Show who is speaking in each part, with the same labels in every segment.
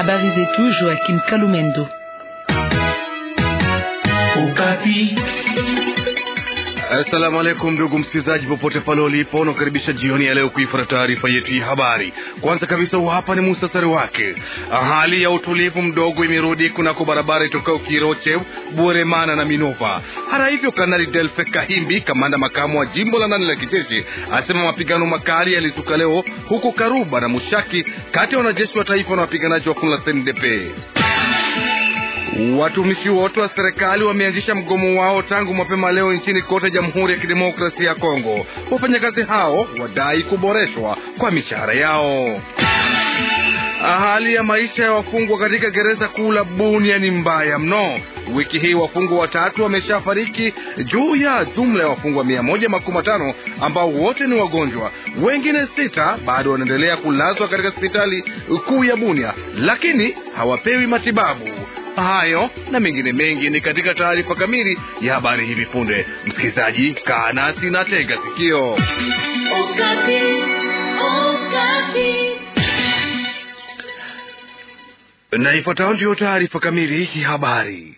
Speaker 1: Abarize toujou akim kaloumendo
Speaker 2: Assalamu alaikum ndugu msikilizaji, popote pale ulipo, nakaribisha jioni ya leo kuifuata taarifa yetu ya habari. Kwanza kabisa, hapa ni musasari wake. Hali ya utulivu mdogo imerudi kunako barabara itokao Kiroche, Buremana na Minova. Hata hivyo, Kanali Delfe Kahimbi, kamanda makamu wa jimbo la nane la kijeshi, asema mapigano makali yalizuka leo huko Karuba na Mushaki, kati ya wanajeshi wa taifa na wapiganaji wa kundi la cndp Watumishi wote wa serikali wameanzisha mgomo wao tangu mapema leo nchini kote Jamhuri ya Kidemokrasia ya Kongo. Wafanyakazi hao wadai kuboreshwa kwa mishahara yao. Hali ya maisha ya wafungwa katika gereza kuu la Bunia ni mbaya mno. Wiki hii wafungwa watatu wameshafariki juu ya jumla ya wafungwa mia moja makumi matano ambao wote ni wagonjwa. Wengine sita bado wanaendelea kulazwa katika hospitali kuu ya Bunia, lakini hawapewi matibabu. Hayo na mengine mengi ni katika taarifa kamili ya habari hivi punde. Msikilizaji, kaa nasi na tega sikio. Na ifuatayo ndiyo taarifa kamili ya habari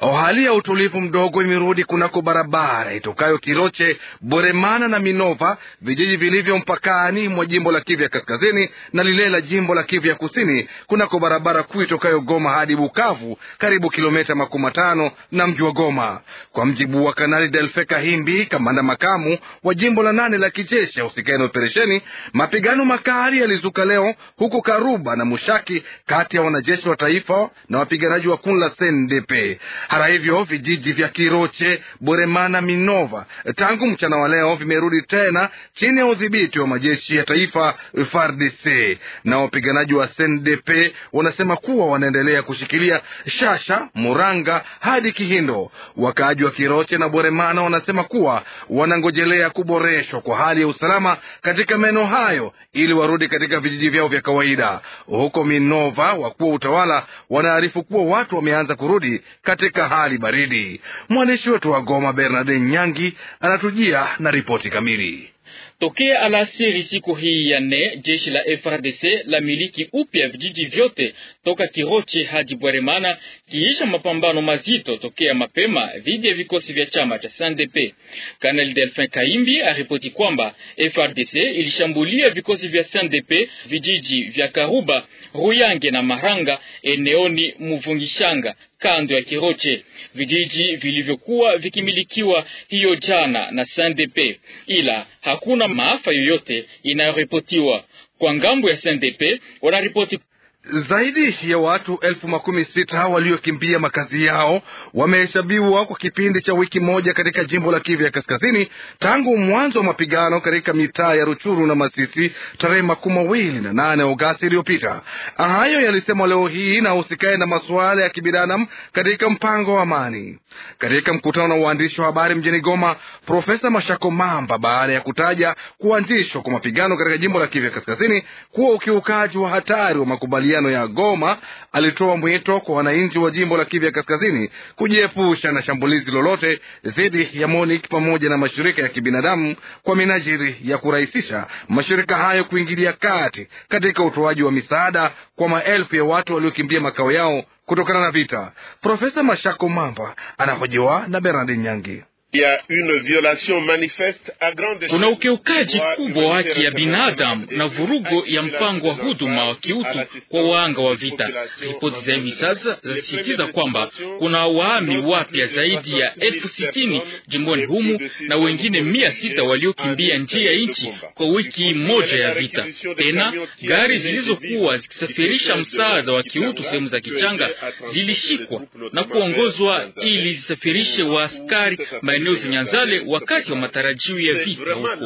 Speaker 2: au hali ya utulivu mdogo imerudi kunako barabara itokayo Kiroche, Boremana na Minova, vijiji vilivyo mpakani mwa jimbo la Kivu ya kaskazini na lile la jimbo la Kivu ya kusini, kunako barabara kuu itokayo Goma hadi Bukavu, karibu kilomita makumi matano na mji wa Goma. Kwa mjibu wa Kanali Delfe Kahimbi, kamanda makamu wa jimbo la nane la kijeshi ausikani na operesheni, mapigano makali yalizuka leo huko Karuba na Mushaki kati ya wanajeshi wa taifa na wapiganaji wa kundi la SNDP. Hata hivyo, vijiji vya Kiroche, Boremana, Minova tangu mchana wa leo vimerudi tena chini ya udhibiti wa majeshi ya taifa FARDC, na wapiganaji wa SNDP wanasema kuwa wanaendelea kushikilia Shasha, Muranga hadi Kihindo. Wakaaji wa Kiroche na Boremana wanasema kuwa wanangojelea kuboreshwa kwa hali ya usalama katika maeneo hayo ili warudi katika vijiji vyao vya kawaida. Huko Minova, wakuu wa utawala wanaarifu kuwa watu wameanza kurudi katika hali baridi. Mwandishi wetu wa Goma bernardin Nyangi anatujia na ripoti kamili.
Speaker 3: Tokea alasiri siku hii ya nne, jeshi la FRDC la miliki upya vijiji vyote toka Kiroche hadi Bweremana, kiisha mapambano mazito tokea mapema dhidi ya vikosi vya chama cha CNDP. Kanel Delfin Kaimbi aripoti kwamba FRDC ilishambulia vikosi vya CNDP vijiji vya Karuba, Ruyange na Maranga eneoni Muvungishanga kando ya Kiroche, vijiji vilivyokuwa vikimilikiwa hiyo jana na CNDP ila hakuna maafa yoyote inayoripotiwa. Kwa ngambo ya CNDP. wanaripoti zaidi ya
Speaker 2: watu elfu makumi sita waliokimbia makazi yao wamehesabiwa kwa kipindi cha wiki moja katika jimbo la Kivu ya Kaskazini tangu mwanzo wa mapigano katika mitaa ya Ruchuru na Masisi tarehe makumi mawili na nane Agosti iliyopita. Hayo yalisemwa leo hii na usikae na masuala ya kibinadamu katika mpango wa amani. Katika mkutano na waandishi wa habari mjini Goma, Profesa Mashako Mamba, baada ya kutaja kuanzishwa kwa mapigano katika jimbo la Kivu ya Kaskazini kuwa ukiukaji wa hatari wa makubaliano makubaliano ya Goma alitoa mwito kwa wananchi wa jimbo la Kivu ya Kaskazini kujiepusha na shambulizi lolote dhidi ya MONUC pamoja na mashirika ya kibinadamu kwa minajili ya kurahisisha mashirika hayo kuingilia kati katika utoaji wa misaada kwa maelfu ya watu waliokimbia makao yao kutokana na vita. Profesa Mashako Mamba anahojiwa na Bernard
Speaker 3: Nyangi.
Speaker 4: Kuna ukiukaji kubwa wa haki ya binadamu
Speaker 3: na vurugo ya mpango wa huduma wa kiutu kwa waanga wa vita. Ripoti za hivi sasa zasisitiza kwamba kuna waami wapya zaidi ya elfu sitini jimboni humu na wengine mia sita waliokimbia nje ya nchi kwa wiki moja ya vita. Tena gari zilizokuwa zikisafirisha msaada wa kiutu sehemu za kichanga zilishikwa na kuongozwa ili zisafirishe waaskari eneo zinyanzale wakati wa matarajio ya vita huko.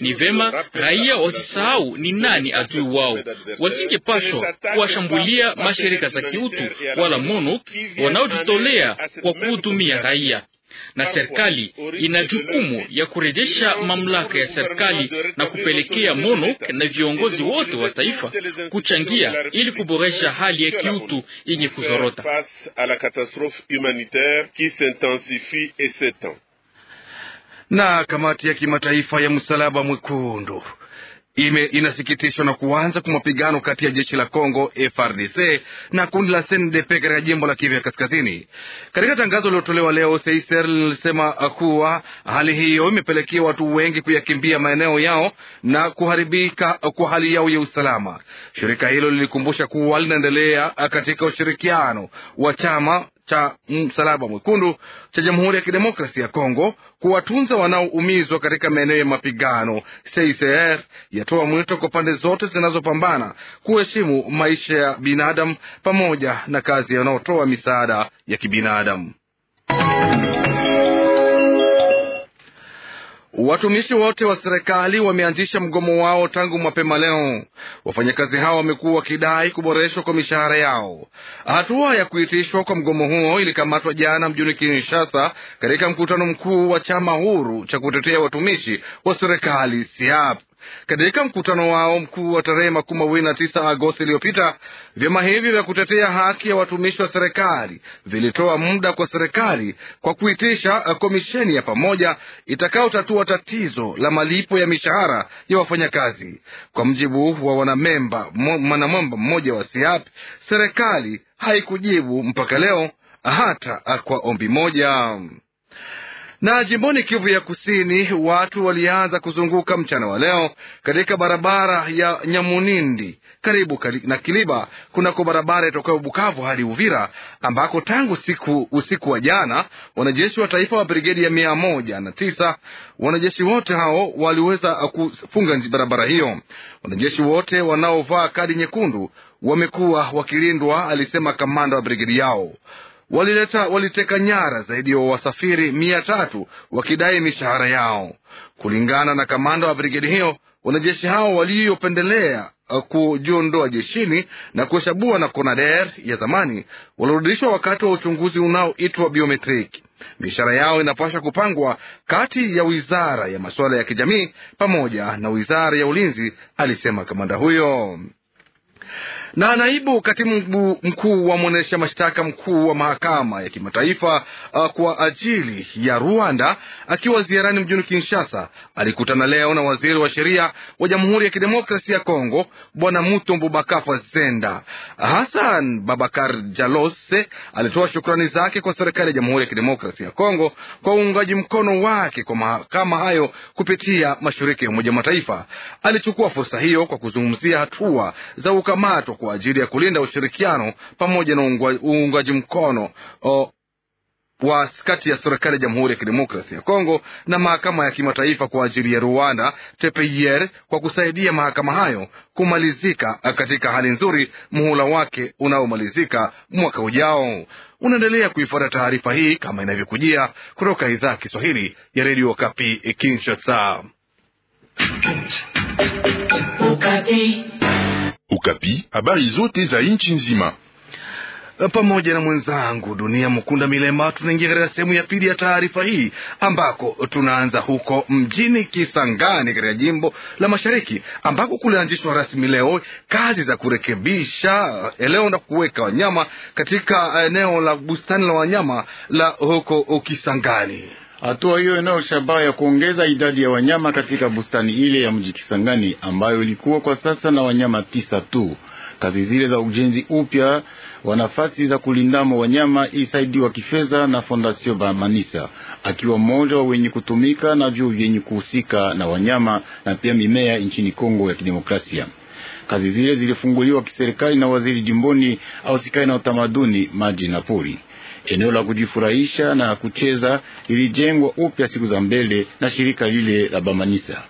Speaker 3: Ni vema raia wasisahau ni nani adui wao, wasingepashwa kuwashambulia mashirika za kiutu wala MONUC wanaojitolea kwa kuhudumia raia na serikali ina jukumu ya kurejesha mamlaka ya serikali na kupelekea MONUC na viongozi wote wa taifa kuchangia ili kuboresha hali ya kiutu yenye kuzorota
Speaker 2: na kamati ya kimataifa ya msalaba mwekundu ime inasikitishwa na kuanza kwa mapigano kati ya jeshi la Congo frdc na kundi la SNDP katika jimbo la Kivu ya Kaskazini. Katika tangazo lililotolewa leo, Seiser lilisema kuwa hali hiyo imepelekea watu wengi kuyakimbia maeneo yao na kuharibika kwa hali yao ya usalama. Shirika hilo lilikumbusha kuwa linaendelea katika ushirikiano wa chama cha Msalaba Mwekundu cha Jamhuri ya kidemokrasi ya Kongo kuwatunza wanaoumizwa katika maeneo ya mapigano. CICR yatoa mwito kwa pande zote zinazopambana kuheshimu maisha ya binadamu pamoja na kazi wanaotoa misaada ya kibinadamu. Watumishi wote wa serikali wameanzisha mgomo wao tangu mapema leo. Wafanyakazi hao wamekuwa wakidai kuboreshwa kwa mishahara yao. Hatua ya kuitishwa kwa mgomo huo ilikamatwa jana mjini Kinshasa, katika mkutano mkuu wa chama huru cha kutetea watumishi wa serikali SIAP. Katika mkutano wao mkuu wa tarehe makumi mawili na tisa Agosti iliyopita, vyama hivi vya kutetea haki ya watumishi wa serikali vilitoa muda kwa serikali kwa kuitisha uh, komisheni ya pamoja itakayotatua tatizo la malipo ya mishahara ya wafanyakazi. Kwa mjibu wa mwanamemba mmoja wa SIAP, serikali haikujibu mpaka leo hata uh, kwa ombi moja. Na jimboni Kivu ya Kusini, watu walianza kuzunguka mchana wa leo katika barabara ya Nyamunindi karibu na Kiliba kunako barabara itokayo Bukavu hadi Uvira, ambako tangu siku usiku wa jana wanajeshi wa taifa wa brigedi ya mia moja na tisa wanajeshi wote hao waliweza kufunga barabara hiyo. Wanajeshi wote wanaovaa kadi nyekundu wamekuwa wakilindwa, alisema kamanda wa brigedi yao walileta waliteka nyara zaidi ya wasafiri mia tatu wakidai mishahara yao. Kulingana na kamanda wa brigedi hiyo, wanajeshi hao waliopendelea uh, kujiondoa jeshini na kuhesabua na Konader ya zamani walirudishwa wakati wa uchunguzi unaoitwa biometrik. Mishahara yao inapaswa kupangwa kati ya wizara ya masuala ya kijamii pamoja na wizara ya ulinzi, alisema kamanda huyo na naibu katibu mkuu wa mwendesha mashtaka mkuu wa mahakama ya kimataifa uh, kwa ajili ya Rwanda akiwa ziarani mjini Kinshasa alikutana leo na waziri wa sheria wa Jamhuri ya Kidemokrasia ya Kongo Bwana Mutombo Bakafa Zenda. Hassan Babakar Jalose alitoa shukrani zake kwa serikali ya Jamhuri ya Kidemokrasia ya Kongo kwa uungaji mkono wake kwa mahakama hayo kupitia mashirika ya Umoja Mataifa. Alichukua fursa hiyo kwa kuzungumzia hatua za ukamatwa kwa ajili ya kulinda ushirikiano pamoja na uungaji mkono o wa kati ya serikali ya Jamhuri ya Kidemokrasia ya Kongo na mahakama ya kimataifa kwa ajili ya Rwanda TPIR e kwa kusaidia mahakama hayo kumalizika katika hali nzuri muhula wake unaomalizika mwaka ujao. Unaendelea kuifuata taarifa hii kama inavyokujia kutoka idhaa ya Kiswahili ya redio Kapi Kinshasa. Ukapi, habari zote za nchi nzima e, pamoja na mwenzangu Dunia Mkunda Milema, tunaingia katika sehemu ya pili ya taarifa hii ambako tunaanza huko mjini Kisangani katika jimbo la Mashariki ambako kulianzishwa rasmi leo kazi za kurekebisha eneo na kuweka wanyama
Speaker 4: katika e, eneo la bustani la wanyama la huko Kisangani. Hatua hiyo inayo shabaha ya kuongeza idadi ya wanyama katika bustani ile ya mji Kisangani ambayo ilikuwa kwa sasa na wanyama tisa tu. Kazi zile za ujenzi upya wa nafasi za kulindamo wanyama ilisaidiwa kifedha na Fondation Bamanisa, akiwa mmoja wa wenye kutumika na vyuo vyenye kuhusika na wanyama na pia mimea nchini Kongo ya Kidemokrasia. Kazi zile zilifunguliwa kiserikali na waziri jimboni au sikali na utamaduni, maji na pori. Eneo la kujifurahisha na kucheza lilijengwa upya siku za mbele na shirika lile la Bamanisa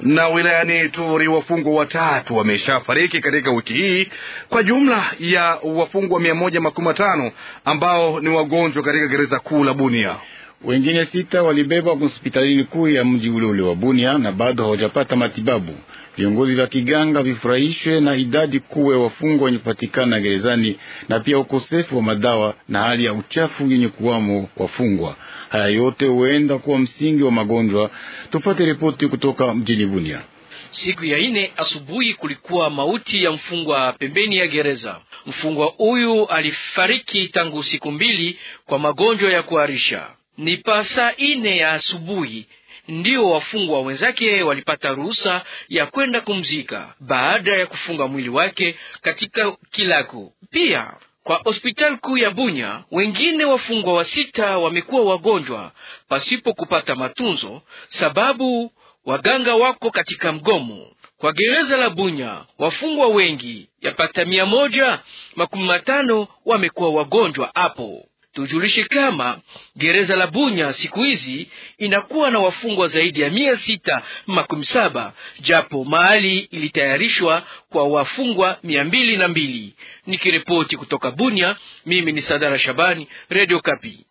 Speaker 2: na wilayani Turi, wafungwa watatu wameshafariki katika wiki hii kwa jumla
Speaker 4: ya wafungwa mia moja makumi matano ambao ni wagonjwa katika gereza kuu la Bunia. Wengine sita walibebwa hospitalini kuu ya mji ule ule wa Bunia na bado hawajapata matibabu viongozi vya kiganga vifurahishwe na idadi kuwe wafungwa wenye kupatikana gerezani na pia ukosefu wa madawa na hali ya uchafu yenye kuwamo wafungwa. Haya yote huenda kuwa msingi wa magonjwa. Tupate ripoti kutoka mjini Bunia.
Speaker 1: Siku ya ine asubuhi kulikuwa mauti ya mfungwa pembeni ya gereza. Mfungwa huyu alifariki tangu siku mbili kwa magonjwa ya kuharisha. Ni pa saa ine ya asubuhi ndio wafungwa wenzake walipata ruhusa ya kwenda kumzika baada ya kufunga mwili wake katika kilago. Pia kwa hospitali kuu ya Bunya, wengine wafungwa wa sita wamekuwa wagonjwa pasipo kupata matunzo, sababu waganga wako katika mgomo. Kwa gereza la Bunya, wafungwa wengi yapata mia moja makumi matano wamekuwa wagonjwa hapo. Tujulishe kama gereza la Bunya siku hizi inakuwa na wafungwa zaidi ya mia sita makumi saba japo mahali ilitayarishwa kwa wafungwa mia mbili na mbili. Nikiripoti kutoka Bunya, mimi ni Sadara Shabani, Radio Kapi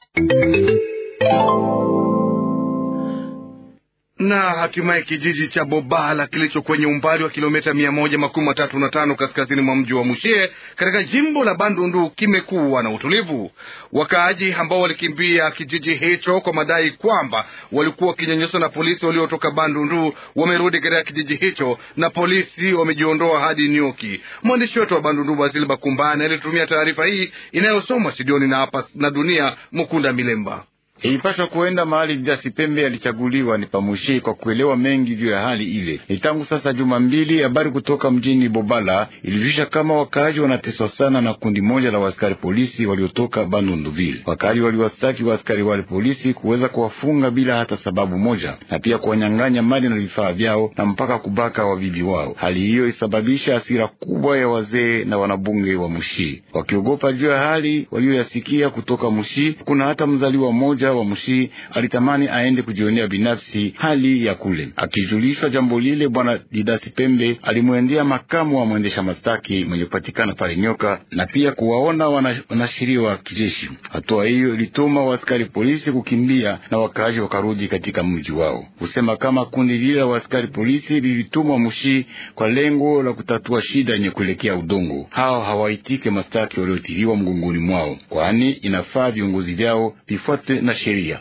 Speaker 2: na hatimaye kijiji cha Bobala kilicho kwenye umbali wa kilomita mia moja makumi matatu na tano kaskazini mwa mji wa Mushie katika jimbo la Bandundu kimekuwa na utulivu. Wakaaji ambao walikimbia kijiji hicho kwa madai kwamba walikuwa wakinyanyeswa na polisi waliotoka Bandundu wamerudi katika kijiji hicho na polisi wamejiondoa hadi Nioki. Mwandishi wetu wa Bandundu basil Bakumbani alitumia taarifa hii inayosomwa studioni na hapa na Dunia Mukunda Milemba
Speaker 4: ilipashwa kuenda mahali Judas Pembe alichaguliwa ni pamushe kwa kuelewa mengi juu ya hali ile. Ni tangu sasa juma mbili, habari kutoka mjini Bobala ilijulisha kama wakaaji wanateswa sana na kundi moja la waskari polisi waliotoka Bandunduville. Wakaaji waliwastaki waskari wale polisi kuweza kuwafunga bila hata sababu moja, na pia kuwanyang'anya mali na vifaa vyao na mpaka kubaka wabibi wao. Hali hiyo isababisha hasira kubwa ya wazee na wanabunge wa Mushi, wakiogopa juu ya hali waliyoyasikia kutoka Mushi. Kuna hata mzaliwa mmoja wa Mushi alitamani aende kujionea binafsi hali ya kule. Akijulishwa jambo lile, bwana Didasi Pembe alimwendea makamu wa mwendesha mastaki mwenye kupatikana pale Nyoka na pia kuwaona wanashiriwa wana kijeshi. Hatua hiyo ilituma waskari polisi kukimbia na wakaaji wakarudi katika mji wao, kusema kama kundi lile la waaskari polisi lilitumwa Mushi kwa lengo la kutatua shida yenye kuelekea udongo. Hao hawaitike mastaki waliotiliwa mgongoni mwao, kwani inafaa viongozi vyao vifuate na Syria.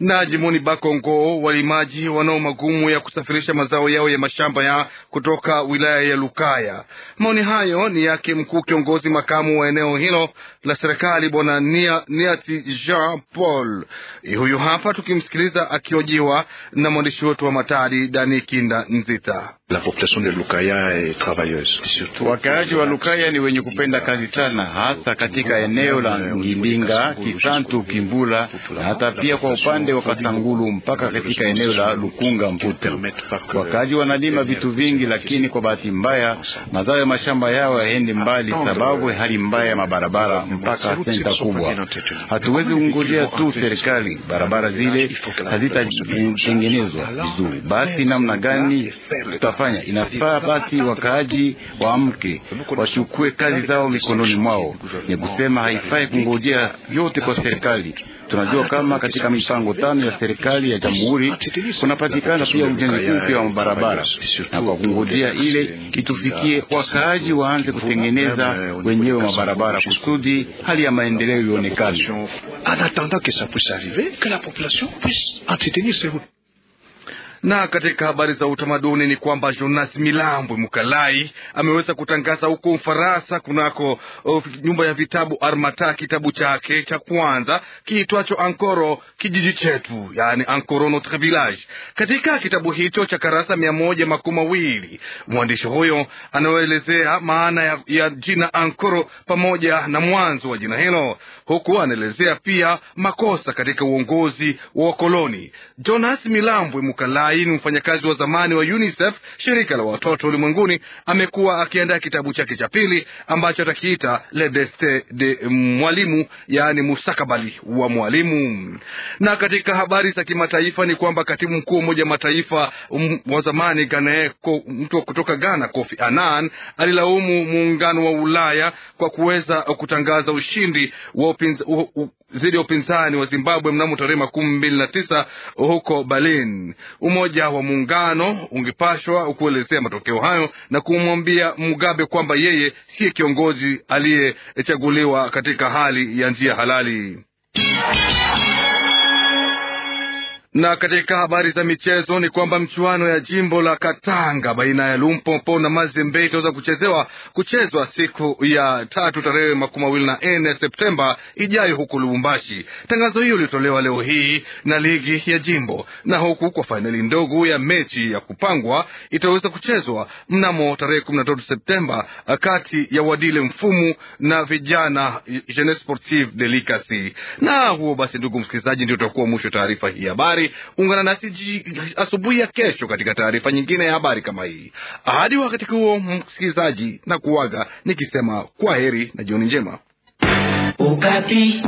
Speaker 2: Na jimoni Bakongo, walimaji wanao magumu ya kusafirisha mazao yao ya mashamba ya kutoka wilaya ya Lukaya. Maoni hayo ni yake mkuu kiongozi makamu wa eneo hilo la serikali bwana Niati Jean Paul. Eh, huyu hapa tukimsikiliza akiojiwa na mwandishi wetu wa Matadi
Speaker 4: Dani Kinda Nzita. La population de Lukaya est travailleuse. Wakaaji wa Lukaya ni wenye kupenda kazi sana, hasa katika eneo la Ngimbinga, Kisantu, Kimbula na hata pia kwa upande upande wa Katangulu mpaka katika eneo la Lukunga mputa Wakaji wanalima vitu vingi, lakini kwa bahati mbaya mazao ya mashamba yao yaende mbali sababu hali mbaya ya mabarabara mpaka senta kubwa. Hatuwezi kungojea tu serikali, barabara zile hazitatengenezwa vizuri. Basi namna gani tutafanya? Inafaa basi wakaaji waamke, wachukue kazi zao mikononi mwao. Ni kusema haifai kungojea yote kwa serikali. Tunajua kama katika mipango tano ya serikali ya jamhuri kunapatikana pia ujenzi upya wa mabarabara, na kwa kungojea ile itufikie, wakaaji waanze kutengeneza wenyewe mabarabara kusudi hali ya maendeleo ionekane.
Speaker 2: Na katika habari za utamaduni ni kwamba Jonas Milambwe Mukalai ameweza kutangaza huko Ufaransa kunako of, nyumba ya vitabu Armata kitabu chake cha kwanza kiitwacho Ankoro kijiji chetu, yani Ankoro notre village. Katika kitabu hicho cha karasa mia moja makumi mawili mwandishi huyo anaoelezea maana ya, ya jina Ankoro pamoja na mwanzo wa jina hilo, huku anaelezea pia makosa katika uongozi wa wakoloni. Jonas Milambwe Mukalai Ain, mfanyakazi wa zamani wa UNICEF, shirika la watoto ulimwenguni, amekuwa akiandaa kitabu chake cha pili ambacho atakiita Le Destin de Mwalimu, yaani mustakabali wa mwalimu. Na katika habari za kimataifa ni kwamba katibu mkuu wa Umoja Mataifa um, wa zamani Ghana, mtu kutoka Ghana, Kofi Annan alilaumu muungano wa Ulaya kwa kuweza kutangaza ushindi wa upinzani dhidi ya upinzani wa Zimbabwe mnamo tarehe makumi mbili na tisa huko Berlin. Umoja wa Muungano ungepashwa kuelezea matokeo hayo na kumwambia Mugabe kwamba yeye siye kiongozi aliyechaguliwa katika hali ya njia halali. Na katika habari za michezo ni kwamba mchuano ya jimbo la Katanga baina ya Lumpopo na Mazembe itaweza kuchezewa kuchezwa siku ya tatu tarehe makumi mawili na nne Septemba ijayo huku Lubumbashi. Tangazo hiyo ilitolewa leo hii na ligi ya jimbo, na huku kwa fainali ndogo ya mechi ya kupangwa itaweza kuchezwa mnamo tarehe kumi na tatu Septemba kati ya Wadile Mfumu na vijana Jeunesse Sportive Delicasi. Na huo basi, ndugu msikilizaji, ndio utakuwa mwisho taarifa hii habari habari. Ungana nasi asubuhi ya kesho katika taarifa nyingine ya habari kama hii. Hadi wakati huo, msikilizaji, na kuaga nikisema kwa heri na jioni njema.
Speaker 1: Ukati.